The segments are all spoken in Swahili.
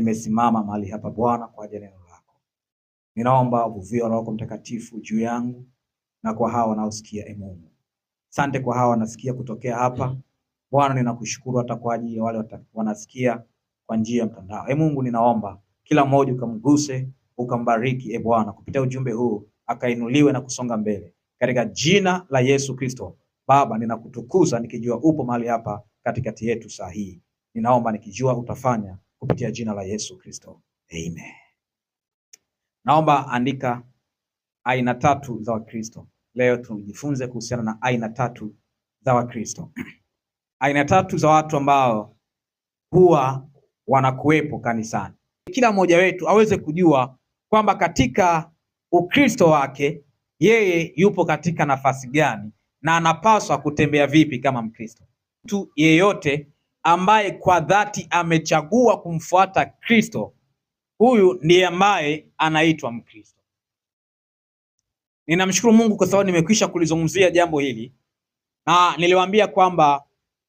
nimesimama mahali hapa Bwana kwa ajili ya neno lako. Ninaomba uvuvio Roho Mtakatifu juu yangu na kwa hawa wanaosikia. E Mungu, asante kwa hawa wanasikia kutokea hapa Bwana, ninakushukuru hata kwa ajili ya wale wanasikia kwa njia ya mtandao. E Mungu, ninaomba kila mmoja ukamguse, ukambariki e Bwana kupitia ujumbe huu, akainuliwe na kusonga mbele katika jina la Yesu Kristo. Baba, ninakutukuza nikijua upo mahali hapa katikati yetu saa hii, ninaomba nikijua utafanya kupitia jina la Yesu Kristo. Amen. Naomba andika aina tatu za Wakristo. Leo tujifunze kuhusiana na aina tatu za Wakristo. Aina tatu za watu ambao huwa wanakuwepo kanisani. Kila mmoja wetu aweze kujua kwamba katika Ukristo wake yeye yupo katika nafasi gani na anapaswa kutembea vipi kama Mkristo. Mtu yeyote ambaye kwa dhati amechagua kumfuata Kristo, huyu ndiye ambaye anaitwa Mkristo. Ninamshukuru Mungu kwa sababu nimekwisha kulizungumzia jambo hili, na niliwaambia kwamba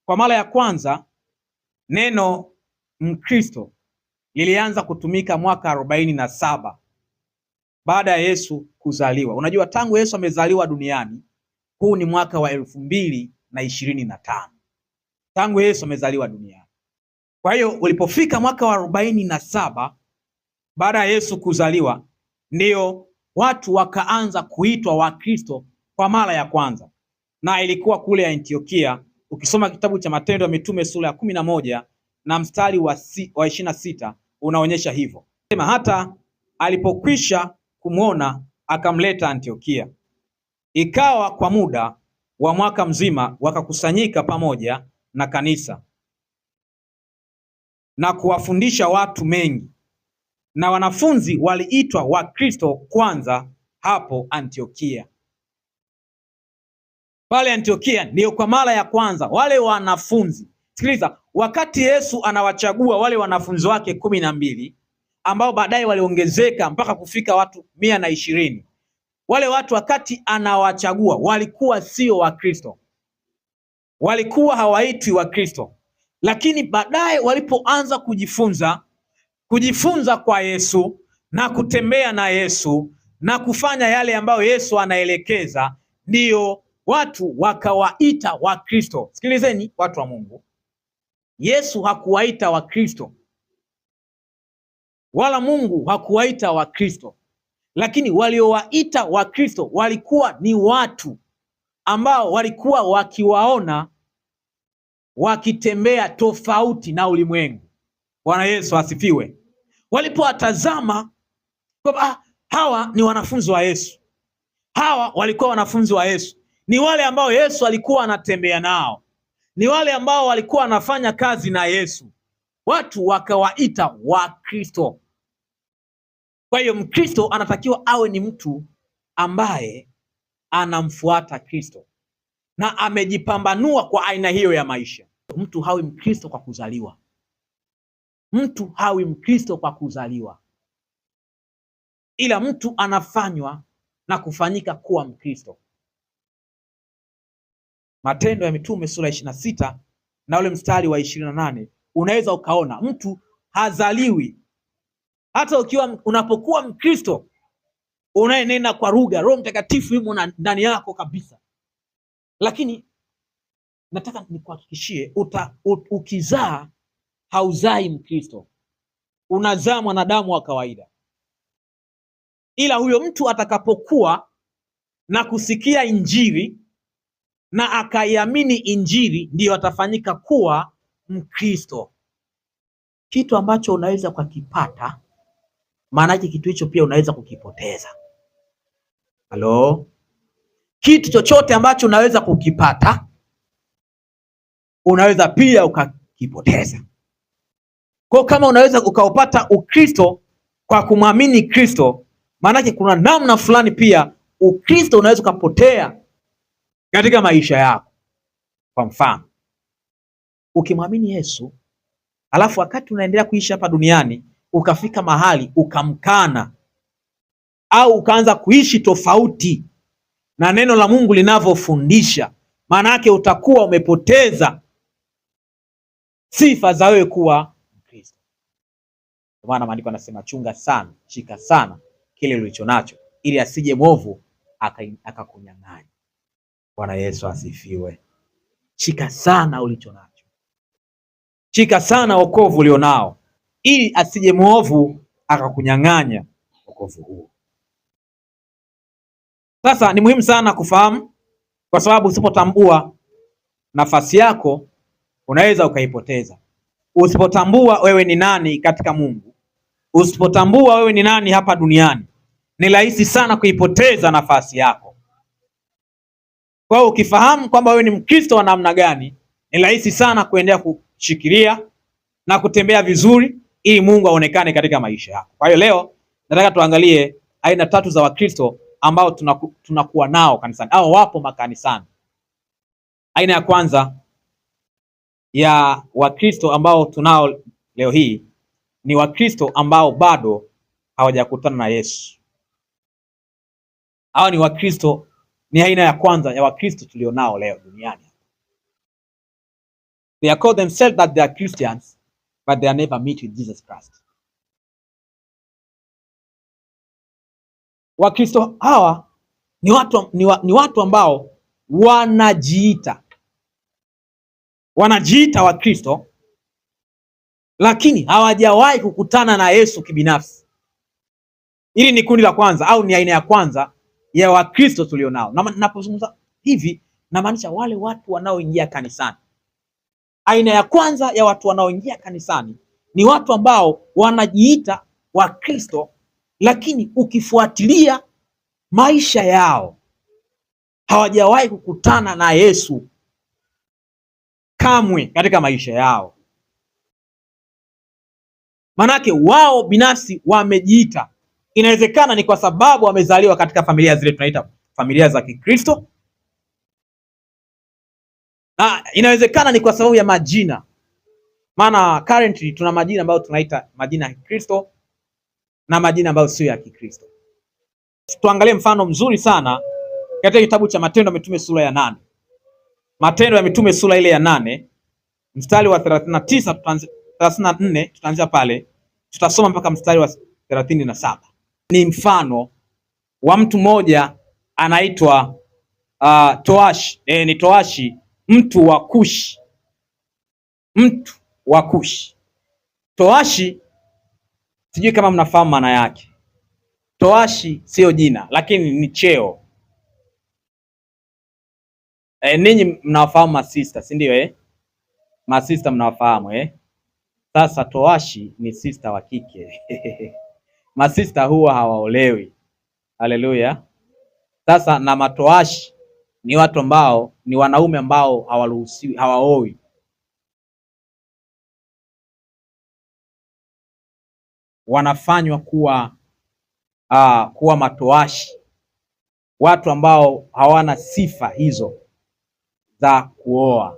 kwa mara ya kwanza neno Mkristo lilianza kutumika mwaka arobaini na saba baada ya Yesu kuzaliwa. Unajua, tangu Yesu amezaliwa duniani, huu ni mwaka wa elfu mbili na ishirini na tano tangu Yesu amezaliwa duniani. Kwa hiyo ulipofika mwaka wa arobaini na saba baada ya Yesu kuzaliwa, ndiyo watu wakaanza kuitwa Wakristo kwa mara ya kwanza, na ilikuwa kule Antiokia. Ukisoma kitabu cha Matendo ya Mitume sura ya kumi na moja na mstari wa ishirini na sita unaonyesha hivyo. Sema hata alipokwisha kumwona akamleta Antiokia. Ikawa kwa muda wa mwaka mzima wakakusanyika pamoja na kanisa na kuwafundisha watu mengi, na wanafunzi waliitwa Wakristo kwanza hapo Antiokia. Pale Antiokia ndiyo kwa mara ya kwanza wale wanafunzi. Sikiliza, wakati Yesu anawachagua wale wanafunzi wake kumi na mbili ambao baadaye waliongezeka mpaka kufika watu mia na ishirini wale watu wakati anawachagua walikuwa sio Wakristo walikuwa hawaitwi Wakristo, lakini baadaye walipoanza kujifunza kujifunza kwa Yesu na kutembea na Yesu na kufanya yale ambayo Yesu anaelekeza, ndiyo watu wakawaita Wakristo. Sikilizeni watu wa Mungu, Yesu hakuwaita Wakristo wala Mungu hakuwaita Wakristo, lakini waliowaita Wakristo walikuwa ni watu ambao walikuwa wakiwaona wakitembea tofauti na ulimwengu. Bwana Yesu asifiwe. Walipowatazama kwamba ah, hawa ni wanafunzi wa Yesu, hawa walikuwa wanafunzi wa Yesu, ni wale ambao Yesu alikuwa anatembea nao, ni wale ambao walikuwa wanafanya kazi na Yesu, watu wakawaita Wakristo. Kwa hiyo Mkristo anatakiwa awe ni mtu ambaye anamfuata Kristo na amejipambanua kwa aina hiyo ya maisha. Mtu hawi Mkristo kwa kuzaliwa, mtu hawi Mkristo kwa kuzaliwa, ila mtu anafanywa na kufanyika kuwa Mkristo. Matendo ya Mitume sura ishirini na sita na ule mstari wa ishirini na nane unaweza ukaona mtu hazaliwi. Hata ukiwa unapokuwa Mkristo unayenena kwa lugha, Roho Mtakatifu yumo ndani yako kabisa. Lakini nataka nikuhakikishie, ukizaa hauzai Mkristo, unazaa mwanadamu wa kawaida. Ila huyo mtu atakapokuwa na kusikia Injili na akaiamini Injili, ndiyo atafanyika kuwa Mkristo. Kitu ambacho unaweza ukakipata, maanake kitu hicho pia unaweza kukipoteza. Halo? Kitu chochote ambacho unaweza kukipata unaweza pia ukakipoteza. Kwa kama unaweza ukaupata Ukristo kwa kumwamini Kristo, maanake kuna namna fulani pia Ukristo unaweza ukapotea katika maisha yako. Kwa mfano, ukimwamini Yesu alafu wakati unaendelea kuishi hapa duniani ukafika mahali ukamkana au ukaanza kuishi tofauti na neno la Mungu linavyofundisha, maana yake utakuwa umepoteza sifa za wewe kuwa Mkristo. Kwa maana maandiko anasema, chunga sana, shika sana kile ulicho nacho, ili asije mwovu akakunyang'anya. Bwana Yesu asifiwe. Shika sana ulicho nacho, shika sana wokovu ulionao, ili asije mwovu akakunyang'anya wokovu huo. Sasa ni muhimu sana kufahamu, kwa sababu usipotambua nafasi yako unaweza ukaipoteza. Usipotambua wewe ni nani katika Mungu, usipotambua wewe ni nani hapa duniani, ni rahisi sana kuipoteza nafasi yako. Kwa hiyo ukifahamu kwamba wewe ni Mkristo wa namna gani, ni rahisi sana kuendelea kushikilia na kutembea vizuri, ili Mungu aonekane katika maisha yako. Kwa hiyo leo nataka tuangalie aina tatu za Wakristo ambao tunaku, tunakuwa nao kanisani au wapo makanisani. Aina ya kwanza ya Wakristo ambao tunao leo hii ni Wakristo ambao bado hawajakutana na Yesu. Hawa ni Wakristo, ni aina ya kwanza ya Wakristo tulionao leo duniani. They call themselves that they are Christians but they are never meet with Jesus Christ. Wakristo hawa ni watu, ni, wa, ni watu ambao wanajiita wanajiita Wakristo lakini hawajawahi kukutana na Yesu kibinafsi. Hili ni kundi la kwanza au ni aina ya kwanza ya Wakristo tulionao. Napozungumza hivi namaanisha wale watu wanaoingia kanisani. Aina ya kwanza ya watu wanaoingia kanisani ni watu ambao wanajiita Wakristo lakini ukifuatilia maisha yao hawajawahi kukutana na Yesu kamwe katika maisha yao. Manake wao binafsi wamejiita, inawezekana ni kwa sababu wamezaliwa katika familia zile tunaita familia za Kikristo, na inawezekana ni kwa sababu ya majina, maana currently tuna majina ambayo tunaita majina ya Kikristo na majina ambayo sio ya Kikristo. Tuangalie mfano mzuri sana katika kitabu cha Matendo ya Mitume sura ya nane. Matendo ya Mitume sura ile ya nane mstari wa 39 34 tutaanzia pale, tutasoma mpaka mstari wa 37. Ni mfano wa mtu mmoja anaitwa uh, Toashi e, ni Toashi mtu wa Kushi, mtu wa Kushi. Toashi Sijui kama mnafahamu maana yake. Toashi sio jina, lakini ni cheo. E, ninyi mnawafahamu masista, si ndio eh? Masista mnawafahamu eh? Sasa toashi ni sista wa kike masista huwa hawaolewi. Haleluya! Sasa na matoashi ni watu ambao ni wanaume ambao hawaruhusiwi, hawaowi wanafanywa kuwa uh, kuwa matoashi, watu ambao hawana sifa hizo za kuoa.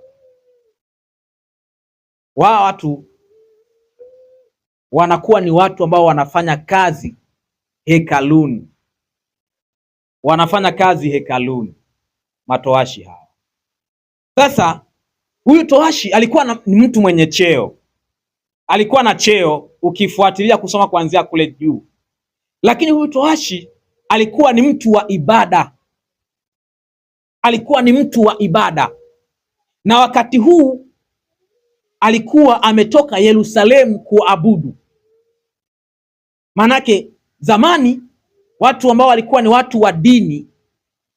Wao watu wanakuwa ni watu ambao wanafanya kazi hekaluni, wanafanya kazi hekaluni, matoashi hawa. Sasa huyu toashi alikuwa ni mtu mwenye cheo alikuwa na cheo, ukifuatilia kusoma kuanzia kule juu. Lakini huyu toashi alikuwa ni mtu wa ibada, alikuwa ni mtu wa ibada, na wakati huu alikuwa ametoka Yerusalemu kuabudu. Manake zamani watu ambao walikuwa ni watu wa dini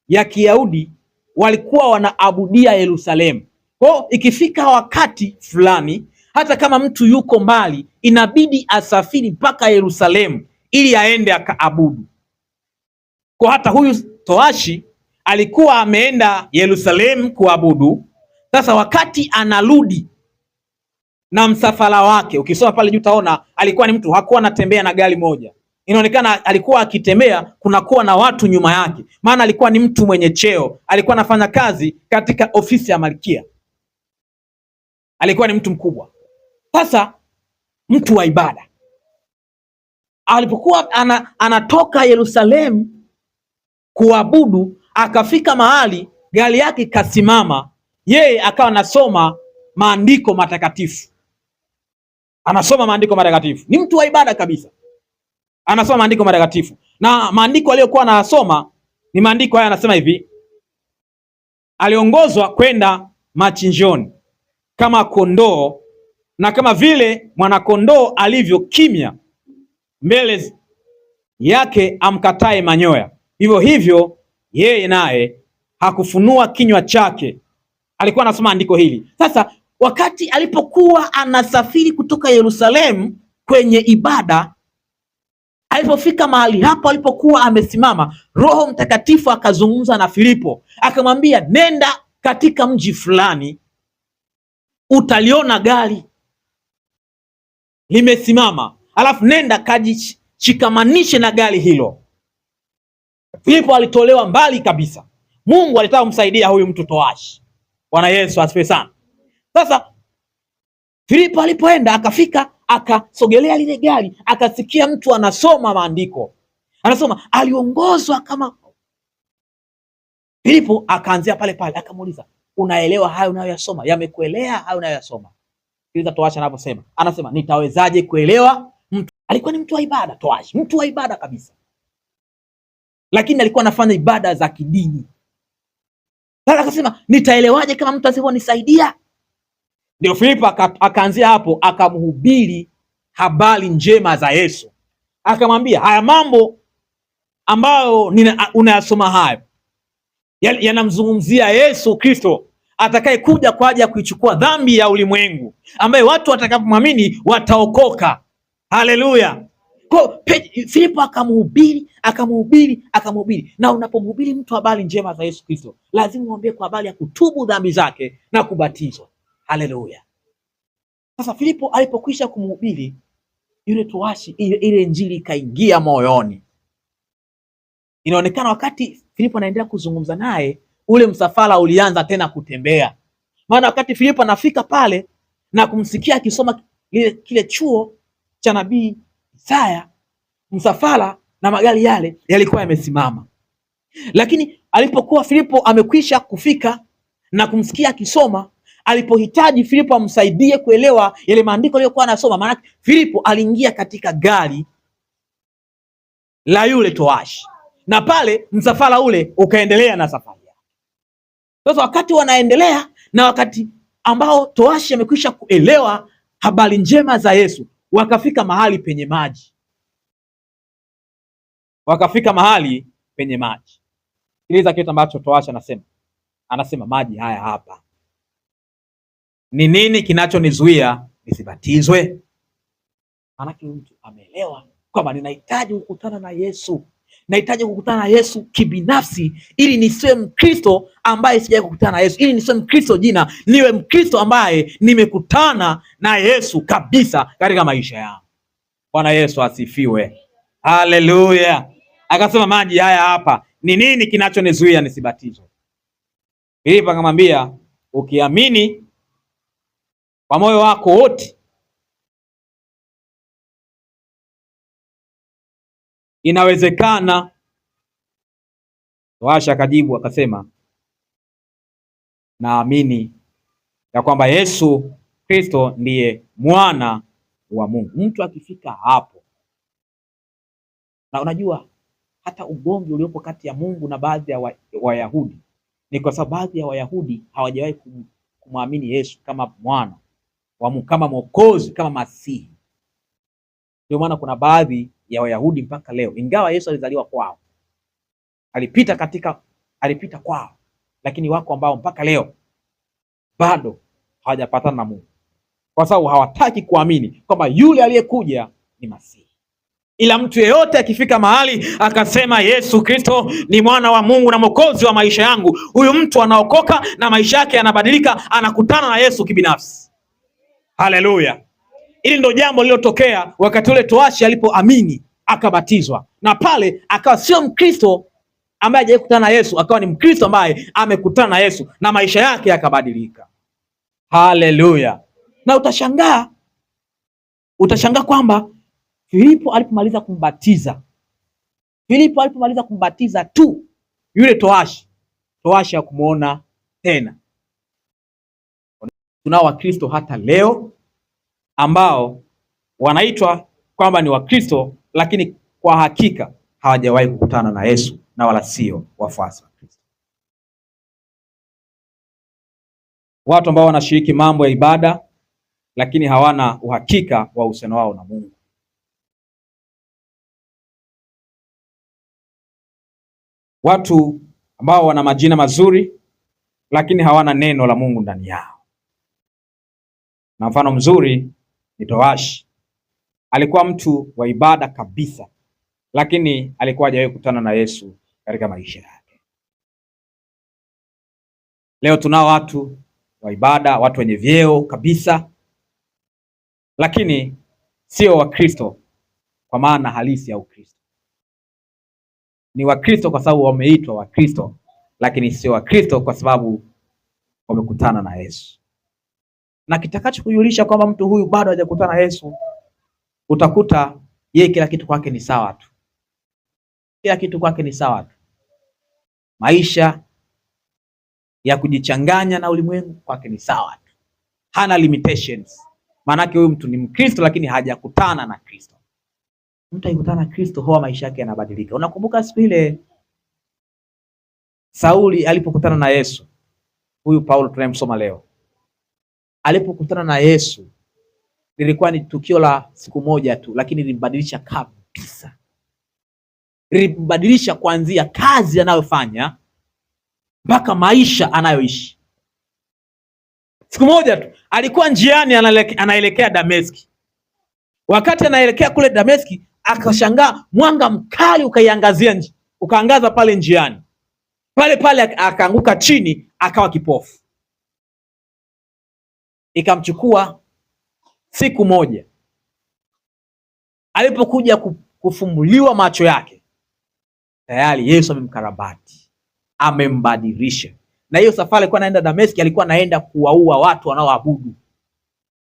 ya Kiyahudi walikuwa wanaabudia Yerusalemu. Kwa hiyo ikifika wakati fulani hata kama mtu yuko mbali, inabidi asafiri mpaka Yerusalemu ili aende akaabudu. Kwa hata huyu toashi alikuwa ameenda Yerusalemu kuabudu. Sasa wakati anarudi na msafara wake, ukisoma pale juu utaona alikuwa ni mtu hakuwa anatembea na gari moja, inaonekana alikuwa akitembea, kunakuwa na watu nyuma yake, maana alikuwa ni mtu mwenye cheo, alikuwa anafanya kazi katika ofisi ya malkia, alikuwa ni mtu mkubwa. Sasa mtu wa ibada alipokuwa ana, anatoka Yerusalemu kuabudu akafika mahali gari yake ikasimama, yeye akawa anasoma maandiko matakatifu, anasoma maandiko matakatifu. Ni mtu wa ibada kabisa, anasoma maandiko matakatifu, na maandiko aliyokuwa anayasoma ni maandiko haya, anasema hivi: aliongozwa kwenda machinjoni kama kondoo na kama vile mwanakondoo alivyo kimya mbele yake amkatae manyoya, vivyo hivyo yeye naye hakufunua kinywa chake. Alikuwa anasoma andiko hili sasa. Wakati alipokuwa anasafiri kutoka Yerusalemu kwenye ibada, alipofika mahali hapo alipokuwa amesimama, Roho Mtakatifu akazungumza na Filipo akamwambia, nenda katika mji fulani utaliona gari limesimama, alafu nenda kajishikamanishe na gari hilo. Filipo alitolewa mbali kabisa. Mungu alitaka kumsaidia huyu mtu toashi. Bwana Yesu asifiwe sana. Sasa Filipo alipoenda akafika, akasogelea lile gari, akasikia mtu anasoma maandiko, anasoma aliongozwa kama Filipo akaanzia pale pale, akamuuliza unaelewa hayo unayoyasoma? Yamekuelea hayo unayoyasoma? Sikiliza Toashi anavyosema anasema nitawezaje kuelewa mtu? Alikuwa ni mtu wa ibada Toashi, mtu wa ibada kabisa, lakini alikuwa anafanya ibada za kidini. Sasa akasema nitaelewaje kama mtu asivyonisaidia Ndio Filipo akaanzia hapo, akamhubiri habari njema za Yesu, akamwambia haya mambo ambayo unayasoma hayo yanamzungumzia Yesu Kristo atakayekuja kwa ajili ya kuichukua dhambi ya ulimwengu, ambaye watu watakapomwamini wataokoka. Haleluya! Kwa Filipo akamhubiri, akamhubiri, akamhubiri. Na unapomhubiri mtu habari njema za Yesu Kristo, lazima uambie kwa habari ya kutubu dhambi zake na kubatizwa. Haleluya! Sasa Filipo alipokwisha kumhubiri yule towashi, ile injili ikaingia moyoni. Inaonekana wakati Filipo anaendelea kuzungumza naye ule msafara ulianza tena kutembea. Maana wakati Filipo anafika pale na kumsikia akisoma kile chuo cha nabii Isaya, msafara na magari yale yalikuwa yamesimama, lakini alipokuwa Filipo amekwisha kufika na kumsikia akisoma, alipohitaji Filipo amsaidie kuelewa yale maandiko aliyokuwa anasoma, maana Filipo aliingia katika gari la yule toashi, na pale msafara ule ukaendelea na safari. Sasa wakati wanaendelea na wakati ambao toashi amekwisha kuelewa habari njema za Yesu, wakafika mahali penye maji, wakafika mahali penye maji. Sikiliza kitu ambacho toashi anasema, anasema maji haya hapa. Ni nini kinachonizuia nisibatizwe? Maanake mtu ameelewa kwamba ninahitaji kukutana na Yesu nahitaji kukutana na Yesu kibinafsi, ili nisiwe Mkristo ambaye sijai kukutana na Yesu, ili nisiwe Mkristo jina, niwe Mkristo ambaye nimekutana na Yesu kabisa katika maisha yangu. Bwana Yesu asifiwe, haleluya. Akasema maji haya hapa ni nini kinachonizuia nisibatizwe? Filipo akamwambia ukiamini kwa moyo wako wote inawezekana? Toasha akajibu akasema, naamini ya kwamba Yesu Kristo ndiye mwana wa Mungu. Mtu akifika hapo, na unajua hata ugomvi uliopo kati ya Mungu na baadhi ya Wayahudi wa ni kwa sababu baadhi ya Wayahudi hawajawahi kumwamini Yesu kama mwana wa Mungu, kama Mwokozi, kama Masihi. Ndio maana kuna baadhi ya Wayahudi mpaka leo, ingawa Yesu alizaliwa kwao, alipita katika, alipita kwao, lakini wako ambao mpaka leo bado hawajapatana na Mungu kwa sababu hawataki kuamini kwamba yule aliyekuja ni Masihi. Ila mtu yeyote akifika mahali akasema Yesu Kristo ni mwana wa Mungu na mwokozi wa maisha yangu, huyu mtu anaokoka na maisha yake yanabadilika, anakutana na Yesu kibinafsi. Haleluya! Hili ndo jambo lililotokea wakati ule toashi alipoamini akabatizwa, na pale akawa sio Mkristo ambaye hajakutana na Yesu, akawa ni Mkristo ambaye amekutana na Yesu na maisha yake yakabadilika. Haleluya! Na utashangaa utashangaa kwamba Filipo alipomaliza kumbatiza, Filipo alipomaliza kumbatiza tu yule toashi, toashi hakumuona tena. Tunao Wakristo hata leo ambao wanaitwa kwamba ni Wakristo lakini kwa hakika hawajawahi kukutana na Yesu na wala sio wafuasi wa Kristo. Watu ambao wanashiriki mambo ya ibada lakini hawana uhakika wa uhusiano wao na Mungu. Watu ambao wana majina mazuri lakini hawana neno la Mungu ndani yao. Na mfano mzuri ni towashi. Alikuwa mtu wa ibada kabisa, lakini alikuwa hajawahi kukutana na Yesu katika maisha yake. Leo tunao watu wa ibada, watu wenye vyeo kabisa, lakini sio Wakristo kwa maana halisi ya Ukristo. Ni Wakristo kwa sababu wameitwa Wakristo, lakini sio Wakristo kwa sababu wamekutana na Yesu na kitakacho kujulisha kwamba mtu huyu bado hajakutana na Yesu, utakuta yeye kila kitu kwake ni sawa tu, kila kitu kwake ni sawa tu. Maisha ya kujichanganya na ulimwengu kwake ni sawa tu, hana limitations. Maanake huyu mtu ni Mkristo lakini hajakutana na Kristo. Mtu akikutana na Kristo huwa maisha yake yanabadilika. Unakumbuka siku ile Sauli alipokutana na Yesu, huyu Paulo tunayemsoma leo alipokutana na Yesu lilikuwa ni tukio la siku moja tu, lakini lilimbadilisha kabisa, lilimbadilisha kuanzia kazi anayofanya mpaka maisha anayoishi. Siku moja tu alikuwa njiani anaelekea Dameski. Wakati anaelekea kule Dameski, akashangaa mwanga mkali ukaiangazia nje, ukaangaza pale njiani pale pale, akaanguka chini, akawa kipofu ikamchukua siku moja. Alipokuja kufumbuliwa macho yake, tayari Yesu amemkarabati, amembadilisha. Na hiyo safari alikuwa anaenda Dameski, alikuwa anaenda kuwaua watu wanaoabudu,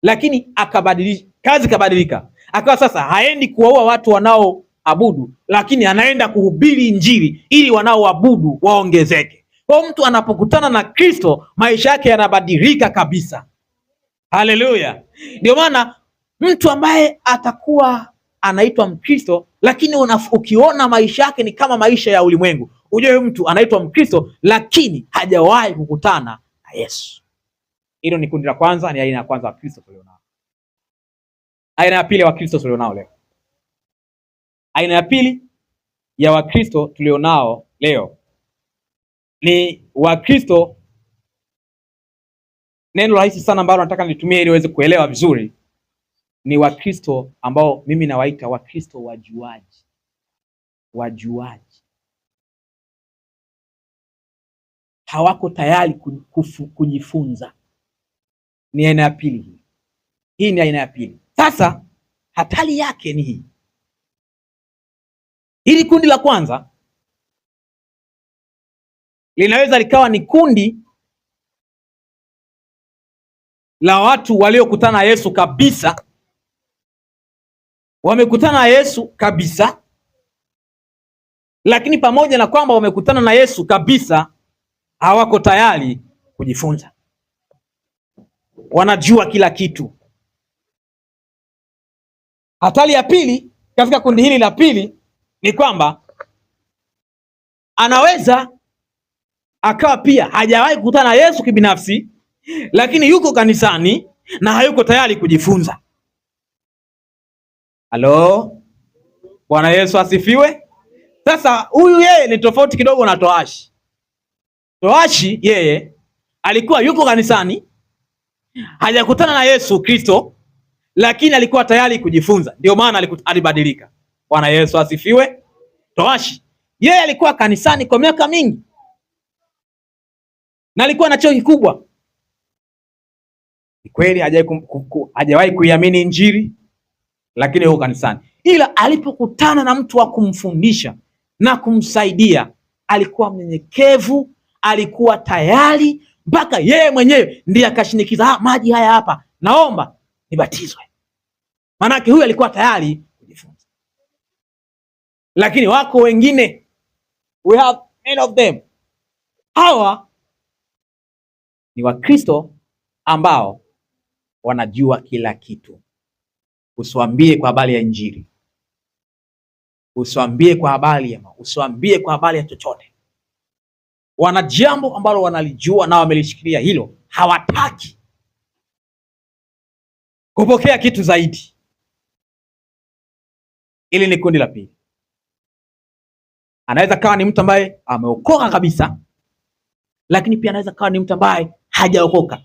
lakini akabadilisha kazi kabadilika, akawa sasa haendi kuwaua watu wanaoabudu, lakini anaenda kuhubiri Injili ili wanaoabudu waongezeke. Kwa mtu anapokutana na Kristo, maisha yake yanabadilika kabisa. Haleluya! Ndio maana mtu ambaye atakuwa anaitwa Mkristo lakini ukiona maisha yake ni kama maisha ya ulimwengu, ujue mtu anaitwa Mkristo lakini hajawahi kukutana na Yesu. Hilo ni kundi la kwanza, ni aina ya kwanza Wakristo tulionao. Aina ya pili ya Wakristo tulionao leo, aina ya pili ya Wakristo tulionao leo ni Wakristo neno rahisi sana ambalo nataka nitumie ili uweze kuelewa vizuri ni Wakristo ambao mimi nawaita Wakristo wajuaji, wajuaji hawako tayari kufu, kujifunza. Ni aina ya pili hii, hii ni aina ya pili. Sasa hatari yake ni hii, hili kundi la kwanza linaweza likawa ni kundi la watu waliokutana na Yesu kabisa, wamekutana na Yesu kabisa, lakini pamoja na kwamba wamekutana na Yesu kabisa, hawako tayari kujifunza. Wanajua kila kitu. Hatari ya pili katika kundi hili la pili ni kwamba anaweza akawa pia hajawahi kukutana na Yesu kibinafsi lakini yuko kanisani na hayuko tayari kujifunza. Halo, Bwana Yesu asifiwe. Sasa huyu yeye ni tofauti kidogo na toashi. Toashi yeye alikuwa yuko kanisani, hajakutana na Yesu Kristo, lakini alikuwa tayari kujifunza, ndio maana alibadilika. Bwana Yesu asifiwe. Toashi yeye alikuwa kanisani kwa miaka mingi na alikuwa na cheo kikubwa ni kweli hajawahi kuiamini Injili, lakini yuko kanisani. Ila alipokutana na mtu wa kumfundisha na kumsaidia, alikuwa mnyenyekevu, alikuwa tayari, mpaka yeye mwenyewe ndiye akashinikiza, ha, ah, maji haya hapa, naomba nibatizwe. Maanake huyu alikuwa tayari kujifunza. Lakini wako wengine, we have many of them, hawa ni Wakristo ambao wanajua kila kitu. Usiwaambie kwa habari ya Injili, usiwaambie kwa habari ya, usiwaambie kwa habari ya chochote. Wana jambo ambalo wanalijua na wamelishikilia hilo, hawataki kupokea kitu zaidi. Ili ni kundi la pili. Anaweza kawa ni mtu ambaye ameokoka kabisa, lakini pia anaweza kawa ni mtu ambaye hajaokoka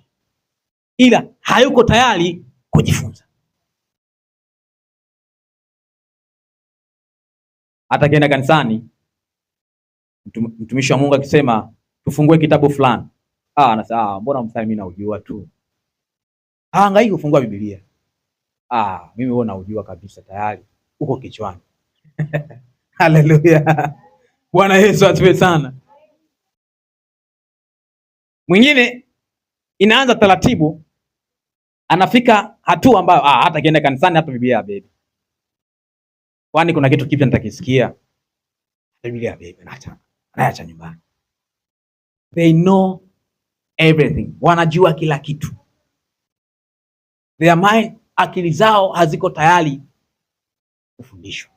ila hayuko tayari kujifunza. Hata akienda kanisani mtumishi wa Mungu akisema tufungue kitabu fulani, ah, anasema ah, mbona mstari mimi naujua tu, haangaiki ah, kufungua Biblia. Ah, mimi wewe naujua kabisa tayari, uko kichwani. Haleluya, Bwana Yesu asifiwe sana. Mwingine inaanza taratibu anafika hatua ambayo ah, hata kienda kanisani hata Biblia habebi, kwani kuna kitu kipya nitakisikia? Biblia habebi, anaacha anaacha nyumbani. They know everything, wanajua kila kitu. Their mind, akili zao haziko tayari kufundishwa.